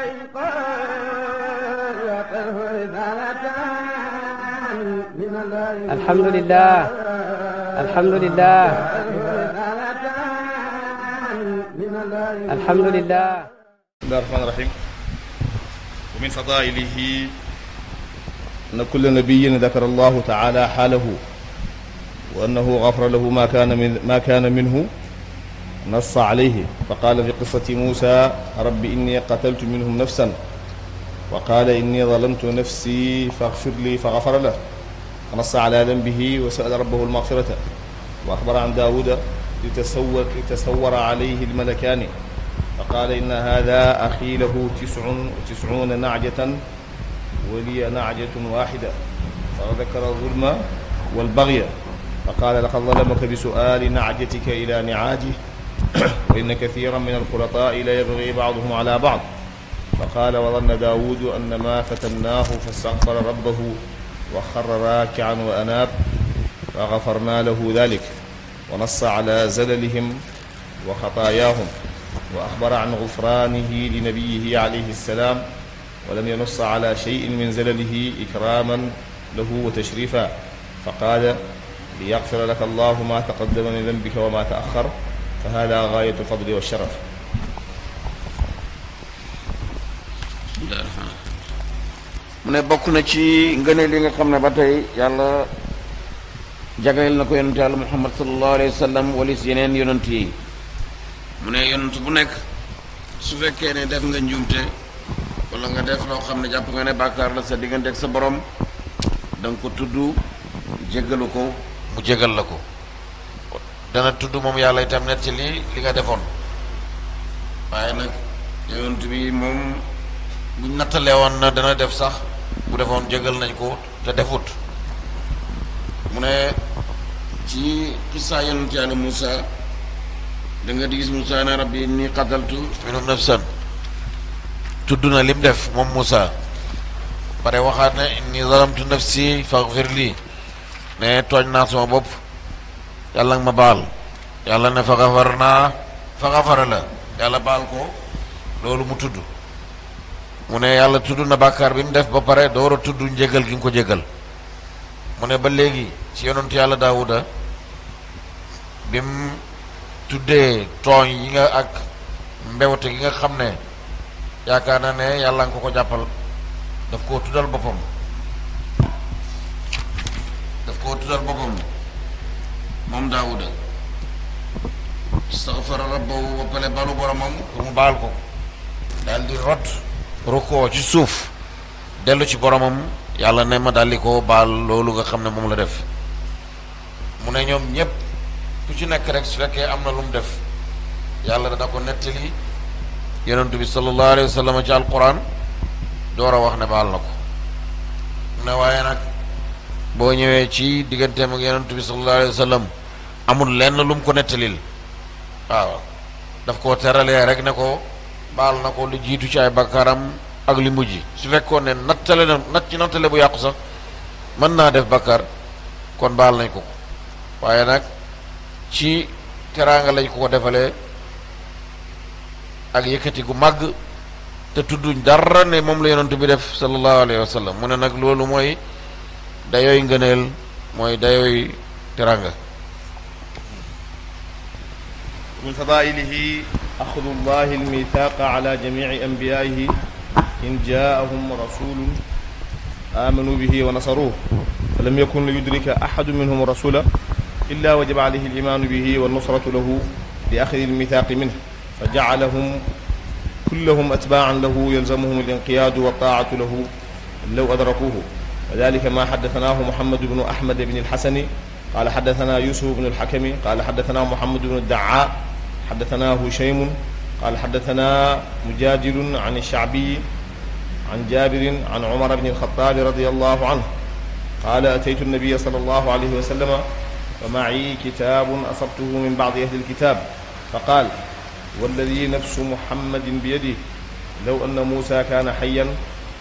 alhamdulilah alhamdulilah alhamdulilah bismillahi rahmaani rahiim wa min fadaa'ilihi anna kulla nabiyyin dakara allahu taala xaalahu wa annahu gafara lahu ma kaana minhu نص عليه فقال في قصة موسى رب إني قتلت منهم نفسا وقال إني ظلمت نفسي فاغفر لي فغفر له ونص على ذنبه وسأل ربه المغفرة وأخبر عن داود لتسور, لتسور عليه الملكان فقال إن هذا أخي له تسع وتسعون نعجة ولي نعجة واحدة فذكر الظلم والبغي فقال لقد ظلمك بسؤال نعجتك إلى نعاجه وإن كثيرا من الخلطاء ليبغي بعضهم على بعض فقال وظن داود أن ما فتناه فاستغفر ربه وخر راكعا وأناب فغفرنا له ذلك ونص على زللهم وخطاياهم وأخبر عن غفرانه لنبيه عليه السلام ولم ينص على شيء من زلله إكراما له وتشريفا فقال ليغفر لك الله ما تقدم من ذنبك وما تأخر fa hada gaayatu fadli wa sharaf mu ne bokk na ci ngëne li nga xam ne ba tey yàlla jagleel na ko yonent yàlla muhammad sallallahu alayhi wa sallam walis yeneen yonent yi mu ne yonent bu nekk su fekkee ne def nga njuumte wala nga def loo xam ne jàpp nga ne bàkkaar la sa diggante ak sa borom da ko tudd jéggalu ko mu jéggal la ko dana tudd moom yàlla itam net ci li li nga defoon waaye nag yonent bi moom buñ nattalee woon na dana def sax bu defoon jégal nañ ko te defut mu ne ci xissa yonent yàlla Moussa da nga di gis Moussa na rabbi inni qataltu minhum nafsan tudd na lim def moom Moussa pare waxaat ne inni zalamtu nafsi faghfir lii ne tooñ naa sama bopp yàlla nga ma baal yàlla ne fa xafar naa fa xafara la yàlla baal ko loolu mu tudd mu ne yàlla tudd na bàkkaar bi mu def ba pare door a tudd njégal gi nga ko jégal mu ne ba léegi ci yonentu yàlla daawuda bi mu tuddee tooñ yi nga ak mbewte gi nga xam ne yaakaar naa ne yàlla nga ko ko jàppal daf koo tuddal boppam daf koo tuddal boppam moom daawuda stagfara rabbahu ba pare balu boromam pour mu baal ko daal di rot rukkoo ci suuf dellu ci boromam yàlla ne ma daldi ko baal loolu nga xam ne moom la def mu ne ñoom ñépp ku ci nekk rek su fekkee am na lu mu def yàlla dana ko nettali yonent bi sallallahu alayhi wa sallam ci alquran door a wax ne baal na ko mu ne waaye nag boo ñëwee ci digganteem ak yonent bi sallallahu alayhi amul lenn lu mu ko nettalil waaw daf koo teralee rek ne ko baal na ko lu jiitu ci ay bakkaaram ak li mujj su fekkoon ne nattale na nat ci nattale bu yàqu sax mën naa def bakkaar kon baal nañ ko waaye nag ci teraanga lañ ko ko defalee ak yëkkati gu màgg te tudduñ dara ne moom la yonent bi def sallallahu alayhi wa mu ne nag loolu mooy dayooy ngëneel mooy dayooy teraanga min fadailihi axudu llahi almithaqa ala jamici anbiyaihi in jaahum rasulun amanu bihi wa nasaruhu fa lam yakun li yudrika ahadu minhum rasula illa wajaba alayhi alimaanu bihi wannusratu lahu li axidi almithaaqi minhu fa jacalahum kullahum atbaan lahu yalzamuhum alinqiyaadu wattaacatu lahu law adrakuuhu wa dalika maa xaddatanaahu muhammadu bnu ahmad bni alxasani qaala xaddatanaa yusufu bnu alxakami qaala xaddatanaa muhammadu bnu daa xaddatanaa hushaymun qaal xaddatanaa mujaadilun an shaabiyi an jaabirin an umar bni alxataabi radi allahu anhu qaala ataytu nabiya sal allahu alayhi wa sallama wa maci kitaabun asabtuhu min bacdi ahli alkitaab fa qaal walladi nafsu muhammadin biyadihi law anna muusa kaana xayan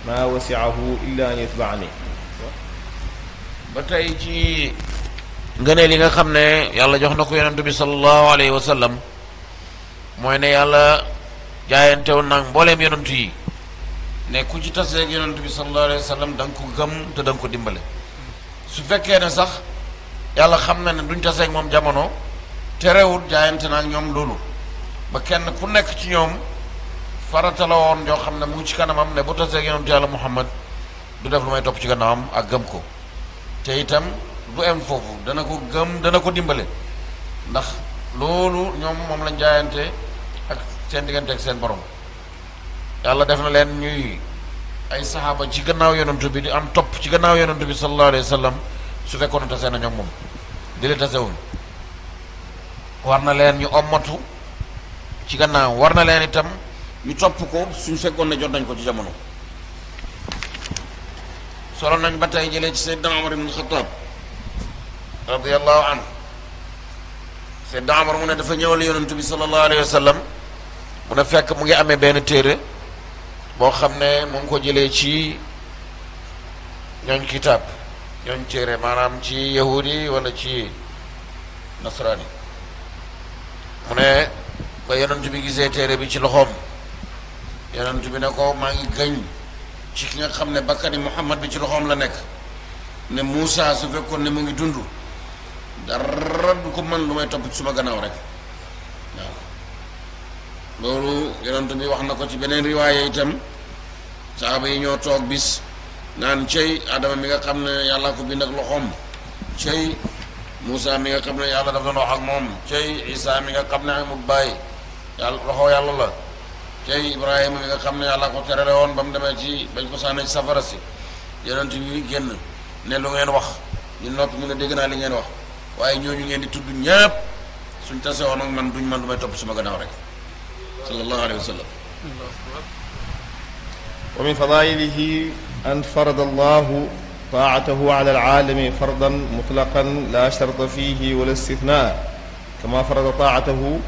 maa wasicahu illa an yatbacani ba tey ci ngëneel yi nga xam ne yàlla jox na ko yonent bi sal allahu alayhi wa sallam mooy ne yàlla jaayantew nag mbooleem yonent yi ne ku ci taseeg yonent bi sallallahu alayhi wa ko gëm te da ko dimbale su fekkee ne sax yàlla xam na ne duñ taseeg moom jamono terewul jaayante naag ñoom loolu ba kenn ku nekk ci ñoom farata la woon yoo xam ne mu ngi ci kanamam ne bu taseeg yonent yàlla muhammad du def lu may topp ci gannaawam ak gëm ko te itam du em foofu dana ko gëm dana ko dimbale ndax loolu ñoom moom lañ jaayante seen diggante ak seen borom yàlla def na leen ñuy ay saxaaba ci gannaaw yonantu bi di am topp ci gannaaw yonantu bi sallallahu alayhi wa sallam su fekkoon tase nañu ak moom di la tasewuñ war na leen ñu ommatu ci gannaaw war na leen itam ñu topp suñ fekkoon ne jot nañ ko ci jamono solo nañ ba tey jëlee ci Seydina Omar ibn Khattab radiyallahu anhu Seydina Omar mu ne dafa ñëwal yonantu bi sallallahu alayhi wa sallam mu ne fekk mu ngi amee benn téere boo xam ne mu ngi ko jëlee ci ñooñ kitaab ñoñ téere maanaam ci yahudi walla ci nasraani mu ne ba yonent bi gisee téere bi ci loxoom yonent bi ne ko maa ngi gëñ ci nga xam ne bakkani Muhammad bi ci loxoom la nekk ne Moussa su fekkoon ne mu ngi dund dara du ko mën lu may topp suma gannaaw rek loolu yonent bi wax na ko ci beneen riwaaye itam saaba yi ñoo toog bis naan cey adama mi nga xam ne yàlla ko bind ak loxoom cey Moussa mi nga xam ne yàlla dafa doon wax ak moom cey Isa mi nga xam ne amul bàyyi yàlla loxo yàlla la cey Ibrahima mi nga xam ne yàlla ko terale woon ba mu demee ci bañ ko sànne ci safara si yonent bi génn ne lu ngeen wax ñu noppi mu ne dégg naa li ngeen wax waaye ñooñu ngeen di tudd ñépp suñ tase woon ak man duñ man du may topp suma gannaaw rek sallallahu alayhi wa sallam wa min fadailihi an farada allahu taatahu ala alaalami fardan mutlaqan la sharta fihi wala istithna kama farada taatahu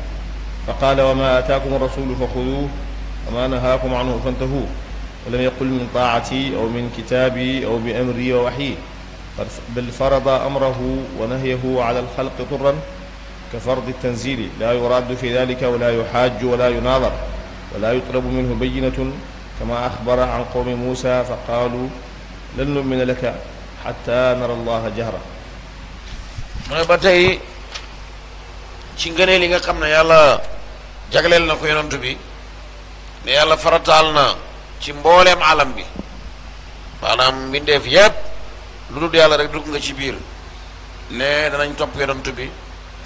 fa qaala wa ma ataakum rasulu fa xuduuh wa ma nahaakum anhu fantahu wa lam yaqul min taacati aw min kitaabi aw bi amri wa waxyi bal farada amrahu wa nahyahu ala alxalqi turan كفرض التنزيل لا يراد في ذلك ولا يحاج ولا يناظر ولا يطلب منه بينة كما أخبر عن قوم موسى فقالوا لن نؤمن لك حتى نرى الله جهرة mu ne ba tey ci ngënee li nga xam ne yàlla jagleel na ko yonent bi ne yàlla farataal na ci mbooleem alam bi maanaam mbindeef yépp lu dul yàlla rek dugg nga ci biir ne danañ topp yonent bi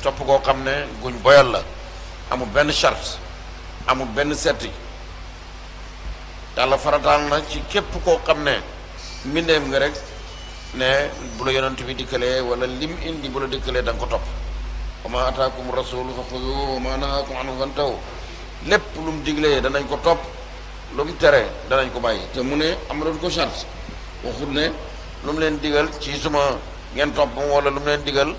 topp koo xam ne guñ boyal la amul benn charte amul benn setti yàlla farataal na ci képp koo xam ne mbindeef nga rek ne bu la yonent bi dikkalee wala lim indi bu la dikkalee da ko topp wa ma ataakum rasulu fa xuduuhu wa ma nahaakum anhu fantahu lépp lu mu diglee danañ ko topp lu mu tere danañ ko bàyyi te mu ne amaloon ko chance waxut ne lu leen digal ci suma ngeen topp wala lu mu leen digal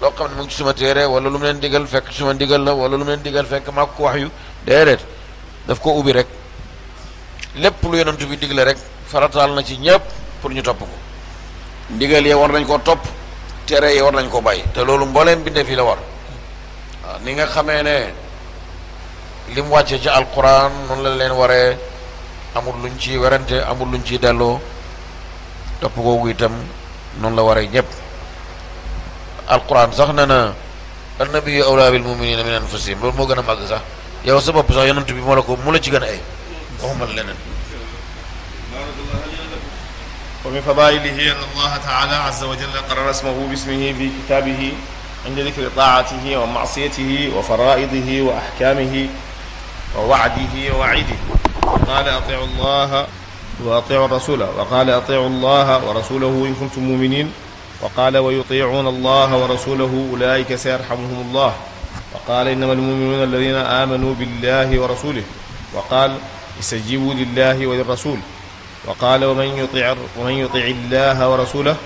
loo xam ne mu ngi suma téere wala lu mu leen digal fekk suma ndigal la wala lu mu leen digal fekk maa ko wax yu déedéet daf ko ubbi rek lépp lu yonent bi digle rek farataal na ci ñépp pour ñu topp ko ndigal yee war nañ koo topp tere yee war nañ koo bàyyi te loolu mbooleem bindee fii la war waaw ni nga xamee ne li mu wàccee ci alquran noonu la leen waree amul luñ ci werante amul luñ ciy delloo topp kooku itam noonu la waree ñépp alquran sax ne na annabiyu awlaa bil muminina min anfusihim loolu moo gën a màgg sax yow sa bopp sax yonent bi moo la ko mu la ci gën a ay waxuma leneen ومن فضائله أن الله تعالى عز وجل قرر اسمه باسمه في كتابه عند ذكر طاعته ومعصيته وفرائضه وأحكامه ووعده ووعيده قال أطيعوا الله وأطيعوا الرسول وقال أطيعوا الله ورسوله إن كنتم مؤمنين وقال ويطيعون الله ورسوله أولئك سيرحمهم الله وقال إنما المؤمنون الذين آمنوا بالله ورسوله وقال استجيبوا لله وللرسول وقال ومن يطيع ومن يطيع الله ورسوله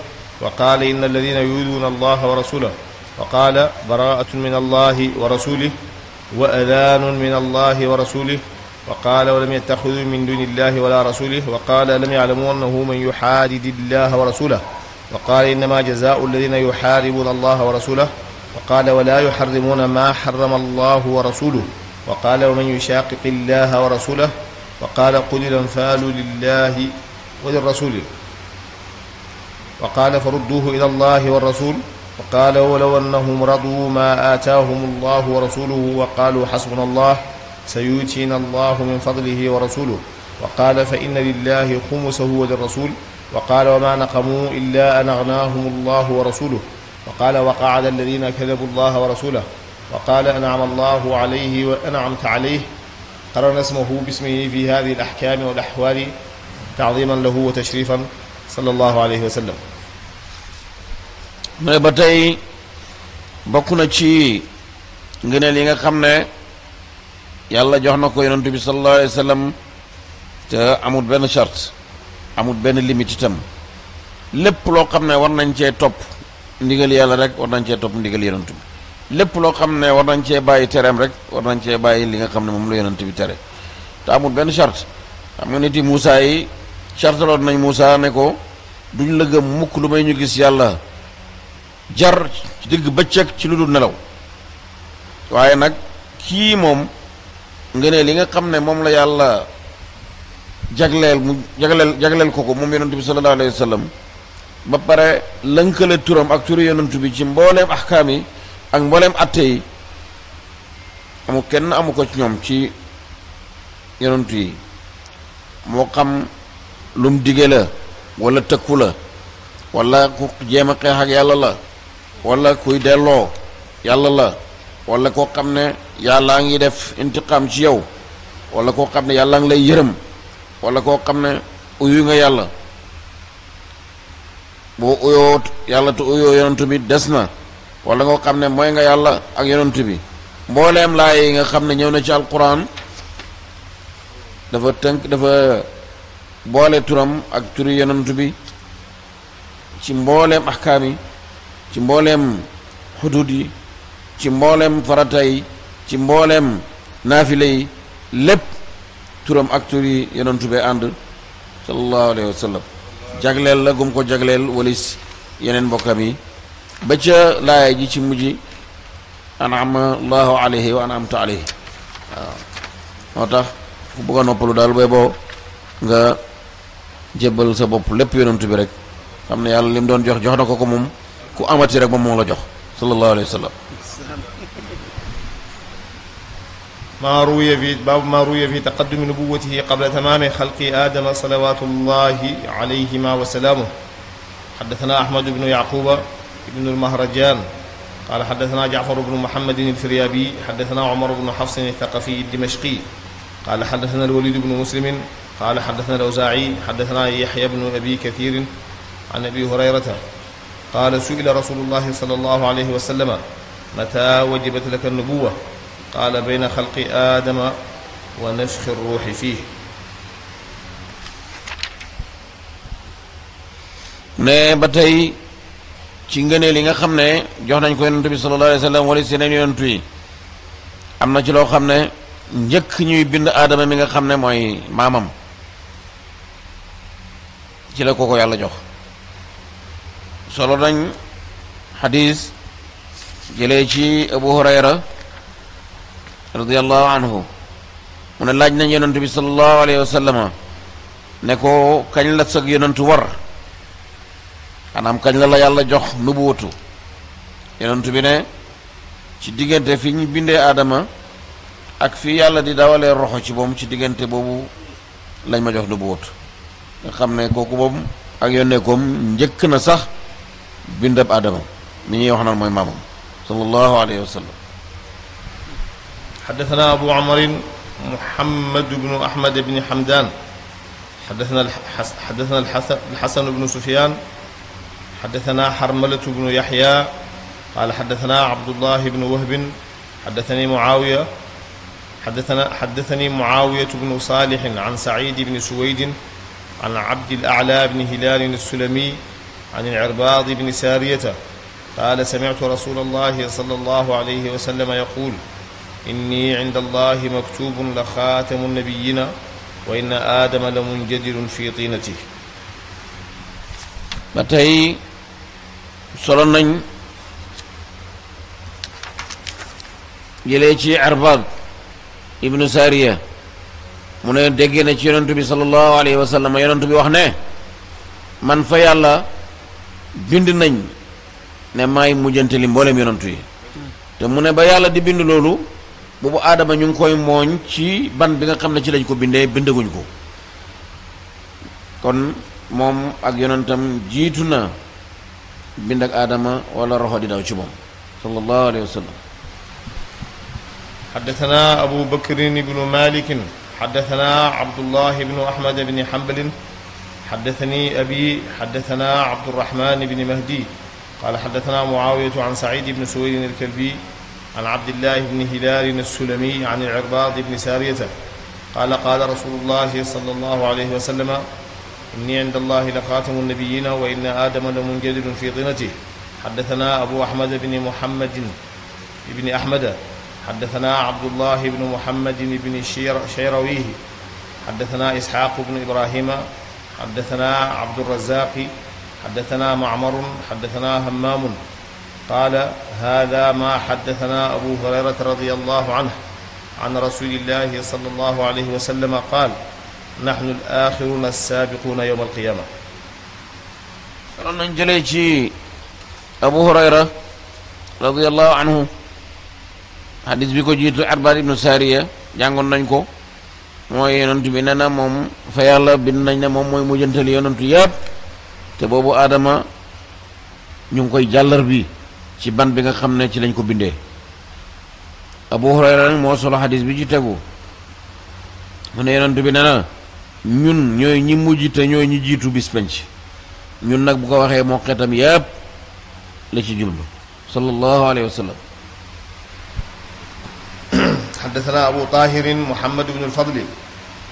وقال إن الذين يؤذون الله ورسوله وقال براءة من الله ورسوله وأذان من الله ورسوله وقال ولم يتخذوا من دون الله ولا رسوله وقال لم يعلموا أنه من يحادد الله ورسوله wa qaala innamaa jazaau alladina yuxaaribuuna allaha wa rasulahu wa qaala walaa yuxarrimuuna maa xarama allahu wa rasuluhu wa qaala wa man yushaqiqi allaha wa rasulahu wa qaala quli lanfaalu lillahi wa lirasuli wa qaala farudduuhu ila allahi wa rasul wa qaala walaw annahum raduu maa aataahum allahu wa rasuluhu wa qaaluu xasbuna allah sayuutiina allahu min fadlihi wa rasuluhu wa qaala fa inna lillahi xumusahu wa lirrasul wa qaala wa maa naqamuu illaa an agnaahum allahu wa rasuluh wa qaala wa qaada alladina kadabuu allaha wa rasulah wa qaala anama allahu alayhi wa anamta alayh qarana ismahu bismihi fi hadihi al ahkaami wal ahwaali taadiman lahu wa tashrifan sallallahu alayhi wa sallam mu ne ba tey bokk na ci ngëneel yi nga xam ne yàlla jox na ko yonentu bi sallallahu alayhi wa sallam te amul benn charte amul benn limite itam lépp loo xam ne war nañ cee topp ndigal yàlla rek war nañ cee topp ndigal yonent bi lépp loo xam ne war nañ cee bàyyi tereem rek war nañ cee bàyyi li nga xam ne moom la yonent bi amul benn charte xam nga nit yi Moussa yi nañ Moussa ne ko duñ la gëm mukk lu may ñu gis yàlla jar ci digg bëccëg ci lu nelaw waaye nag moom nga li nga xam ne moom la yàlla jagleel mu jagleel jagleel ko ko moom yonent bi sallallahu alayhi wa ba pare lënkale turam ak turu yonent bi ci mbooleem axkaam yi ak mbooleem atte yi amu kenn amu ko ci ñoom ci yonent yi moo xam lu mu dige la wala tëkku la walla ku jéem a xeex ak yàlla la walla kuy delloo yàlla la wala koo xam ne yàllaa ngi def intiqaam ci yow wala koo xam ne yàllaa ngi lay yërëm wala koo xam ne uyu nga yàlla boo uyoo yàlla te uyoo yonent bi des na wala nga xam ne mooy nga yàlla ak yonent bi mbooleem laay nga xam ne ñëw na ci alquran dafa tënk dafa boole turam ak turi yonent bi ci mbooleem axkaam yi ci mbooleem xudud yi ci mbooleem farata yi ci mbooleem naafile yi lépp turam ak yi yonentu bee ànd sallallahu alayhi wa jagleel la gum ko jagleel walis yeneen mbokkam yi ba ca laaya ji ci mujj anama allahu alayhi alayhi waaw moo tax ku bëgg noppalu daal bay boo nga jébbal sa bopp lépp yonentu bi rek xam na yàlla li doon jox jox na ko ko moom ku amati rek moom moo la jox sallallahu alayhi wa maa ruwiya fi baabu maa ruwiya fi taqaddumi nubuwatihi qabla tamaami xalqi aadama salawaatu llahi alayhima wa salaamuh xaddasanaa ahmadu bnu yaquuba ibnu lmahrajaan qaala xaddasanaa jacfaru bnu muhammadin ilfiryabi xaddasanaa umaru bnu xafsin altaqafiy dimashqi qaala xaddasanaa alwaliidu bnu muslimin qaala xaddasanaa alawzaaci xaddasanaa yaxya bnu abi kathiirin an abi hurayrata qaala su'ila rasuulu llahi sala allahu alayhi wa sallama mataa wajabat laka nubuwa qaala bayna xalqi aadama wa nafxi ruuxi fii ne ba tey ci ngëneel li nga xam ne jox nañ ko yonentu bi sallallahu alayhi wa sallam yonentu yi am na ci loo xam ne njëkk ñuy bind aadama mi nga xam ne mooy maamam ci la kooko yàlla jox solo nañ xadiis jëlee ci abu hurayra radiallahu anhu mu ne laaj nañ yonantu bi salallahu alayhi wa sallama ne ko kañ la sag yonantu war maanaam kañ la la yàlla jox nubuwatu yonantu bi ne ci diggante fi ñu bindee aadama ak fii yàlla di dawalee roxo ci moom ci diggante boobu lañ ma jox nubuwatu nga xam ne kooku boobu ak yónneekoom njëkk na sax bindab aadama mi ñuy wax naan mooy maamam sallallahu alayhi wa sallam xaddasanaa abu amarin muhammad bnu ahmad bni hamdan xaddasanaa xaddasanaa alxasanu bnu sufyaan xaddasanaa xarmalatu bnu yaxya qaala xaddasanaa abdullahi bnu wahbin xaddasanii muaawiya xaddasanaa xaddasanii muaawiyatu bnu saalixin an saciidi bni suwaydin an abdil aclaa bni hilaalin asulami an alcirbaadi bni saariyata qaala samictu rasuula allahi sala allahu alayhi wa sallam yaquul inni inda allahi maktubun la xaatamu nabiyina aadama la munjadirun fi tiinati ba tey solo nañ mu ne déggee ci yonentu bi sallallahu alayhi wax ne man fa yàlla bind nañ ne maay mujjante li mboolem yonentu yi te mu ne ba yàlla di bind loolu boobu aadama ñu ngi koy mooñ ci ban bi nga xam ne ci lañ ko bindee bindaguñ ko kon moom ak yonentam jiitu na bind ak aadama walla roxo di daw ci moom sallallahu alayhi wa sallam حدثنا أبو بكر بن مالك حدثنا عبد الله بن أحمد بن حنبل حدثني أبي حدثنا عبد الرحمن بن مهدي قال حدثنا معاوية عن سعيد بن سويد الكلبي عن عبد الله بن هلال السلمي عن العرباض بن سارية قال قال رسول الله صلى الله عليه وسلم إني عند الله لخاتم النبيين وإن آدم لمنجدل في طينته حدثنا أبو أحمد بن محمد بن أحمد حدثنا عبد الله بن محمد بن شيرويه حدثنا إسحاق بن إبراهيم حدثنا عبد الرزاق حدثنا معمر حدثنا همام قال هذا ما حدثنا أبو هريرة رضي الله عنه عن رسول الله صلى الله عليه وسلم قال نحن الآخرون السابقون يوم القيامة solo nañ jëlee ci Abu Hurayra radiallahu anhu xadis bi ko jiitu Arbaad ibnu Saariya jàngoon nañ ko mooy yonantu bi nee na moom fa yàlla bind nañ ne moom mooy mujjantali yonantu yëpp te boobu aadama ñu ngi koy jàllar bi ci ban bi nga xam ne ci lañ ko bindee abu hurayra nag moo solo xadis bi ci tegu mu ne bi ne na ñun ñooy ñi mujj te ñooy ñi jiitu bis penc ñun nag bu ko waxee moo xeetam yépp la ci jublu sallallahu alayhi wa sallam حدثنا أبو طاهر محمد بن الفضل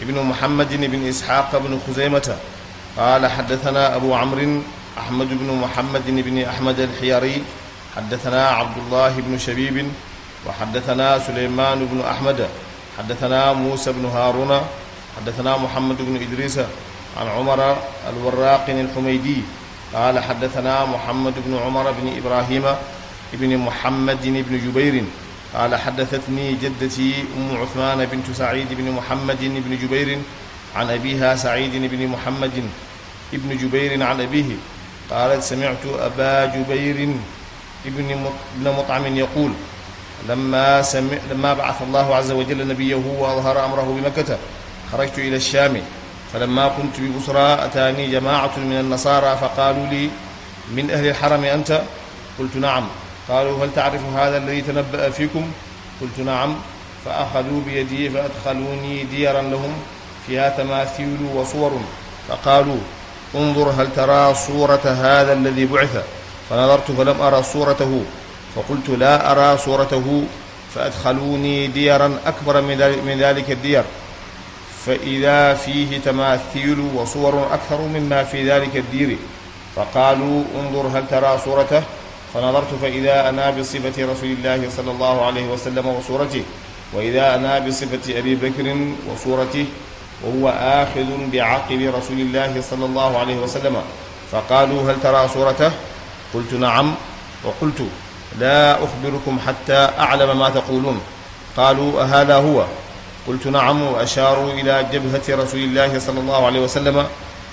ابن محمد بن إسحاق بن خزيمة قال حدثنا أبو عمرو أحمد بن محمد بن أحمد الحياري حدثنا عبد الله بن شبيب وحدثنا سليمان بن أحمد حدثنا موسى بن هارون حدثنا محمد بن إدريس عن عمر الوراق الحميدي قال حدثنا محمد بن عمر بن إبراهيم بن محمد بن جبير قال حدثتني جدتي أم عثمان بنت سعيد بن محمد بن جبير عن أبيها سعيد بن محمد بن جبير عن أبيه قالت سمعت أبا جبير ibni ibna mut'amin yaqul lamma sami lamma ba'atha allahu azza wa jalla nabiyahu wa adhara amrahu bi makkata xarajtu ila shaami فلما كنت ببصرى أتاني جماعة من النصارى فقالوا لي من أهل الحرم أنت قلت نعم قالوا هل تعرف هذا الذي تنبأ فيكم قلت نعم فأخذوا بيدي فأدخلوني ديرا لهم فيها تماثيل وصور فقالوا انظر هل ترى صورة هذا الذي بعث فنظرت فلم أرى صورته فقلت لا أرى صورته فأدخلوني ديرا أكبر من ذلك الدير فإذا فيه تماثيل وصور أكثر مما في ذلك الدير فقالوا انظر هل ترى صورته فنظرت فإذا أنا بصفة رسول الله صلى الله عليه وسلم وصورته وإذا أنا بصفة أبي بكر وصورته وهو آخذ بعقب رسول الله صلى الله عليه وسلم فقالوا هل ترى صورته qultu naam wa qultu laa uxbirukum xatta aclama ma taquluun qaalu ahada huwa qultu naam wa ashaaru ila jabhati rasulillahi sal allahu alayhi wa sallama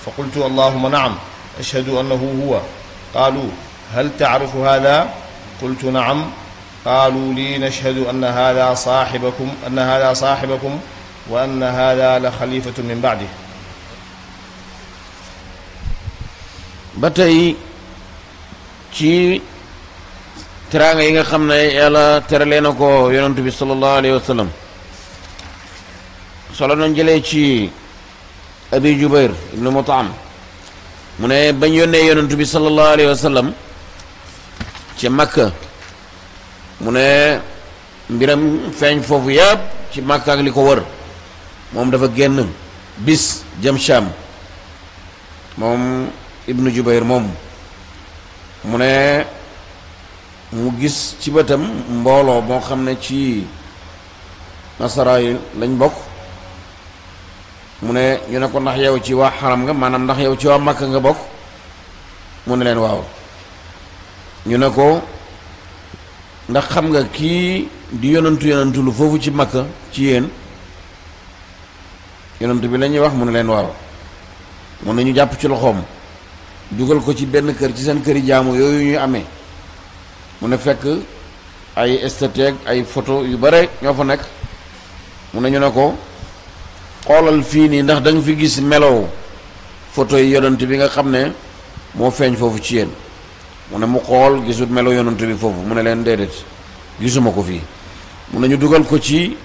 fa qultu allahuma naam ashhadu annahu huwa qaalu hal tacrifu hada qultu naam qaalu lii nashhadu anna hada saaxibakum anna hada saaxibakum wa anna hada la xalifatu min bacdi ba tey ci teraanga yi nga xam ne yàlla teralee na ko yonentu bi sallallahu alayhi wa solo nañ jëlee ci abi jubair ibnu mutaam mu ne bañ yónnee yonentu bi sallallahu alayhi wa ci makka mu ne mbiram feeñ foofu yëpp ci makka ak li ko wër moom dafa génn bis jëm Sham moom ibnu jubair moom mu ne mu gis ci bëtam mbooloo moo xam ne ci nasara yi lañ bokk mu ne ñu ne ko ndax yow ci waa xaram nga maanaam ndax yow ci waa màkk nga bokk mu ne leen waaw ñu ne ko ndax xam nga kii di yonantu yonantu lu foofu ci makka ci yéen yonantu bi lañuy wax mu ne leen waaw mun nañu jàpp ci loxoom dugal ko ci benn kër ci seen këri jaamu yooyu ñuy amee mu ne fekk ay esthétique ay photo yu bare ñoo fa nekk mu ne ñu ne ko xoolal fii nii ndax da fi gis melow photo yi yonent bi nga xam ne moo feeñ foofu ci yéen mu ne mu xool gisul melo yonent bi foofu mu ne leen déedéet gisuma ko fii mu ne ñu dugal ko ci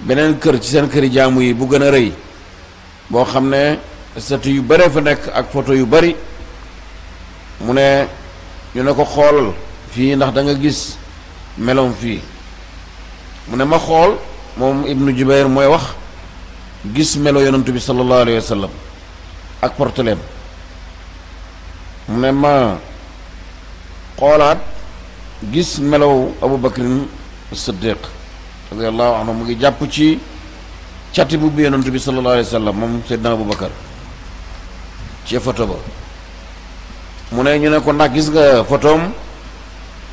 beneen kër ci seen këri jaamu yi bu gën a rëy boo xam ne statue yu bare fa nekk ak photo yu bari mu ne ñu ne ko xoolal fii ndax danga gis meloom fii mu ne ma xool moom ibnu jubayr mooy wax gis melo yonantu bi sallallahu alayhi wa ak porteleem mu ne ma xoolaat gis melow abu bakrin siddiq radiallahu anhu mu ngi jàpp ci cati bu bi yonantu bi sallallahu alayhi wa sallam moom seydna abu bakar ci foto ba mu ne ñu ne ko ndax gis nga photom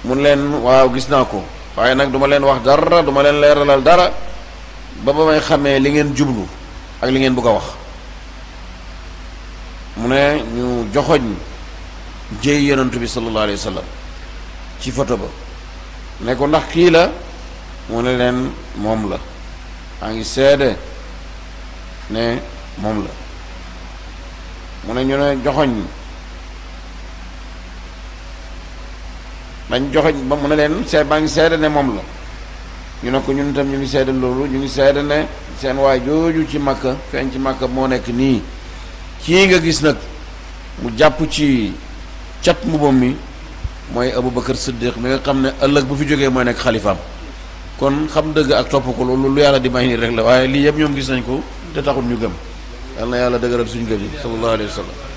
mu leen waaw gis naa ko waaye nag duma leen wax dara duma leen leeralal dara ba ba may xamee li ngeen jublu ak li ngeen bëgg a wax mu ne ñu joxoñ jéy yonantu bi sallallahu alayhi ci photo ba ne ko ndax kii la mu ne leen moom la maa ngi seede ne moom la mu ne ñu ne joxoñ dañ joxe ba mu ne leen see baa ngi seede ne moom la ñu ne ko ñun itam ñu ngi seede loolu ñu ngi seede ne seen waay jooju ci Makka feeñ ci Makka moo nekk nii kii nga gis nag mu jàpp ci cat mbubam mi mooy Aboubacar Siddiq mi nga xam ne ëllëg bu fi jógee mooy nekk xalifaam kon xam dëgg ak topp ko loolu lu yàlla di may nii rek la waaye lii yëpp ñoom gis nañ ko te taxul ñu gëm yal na yàlla dëgëral suñu gëm yi sallallahu alayhi wa sallam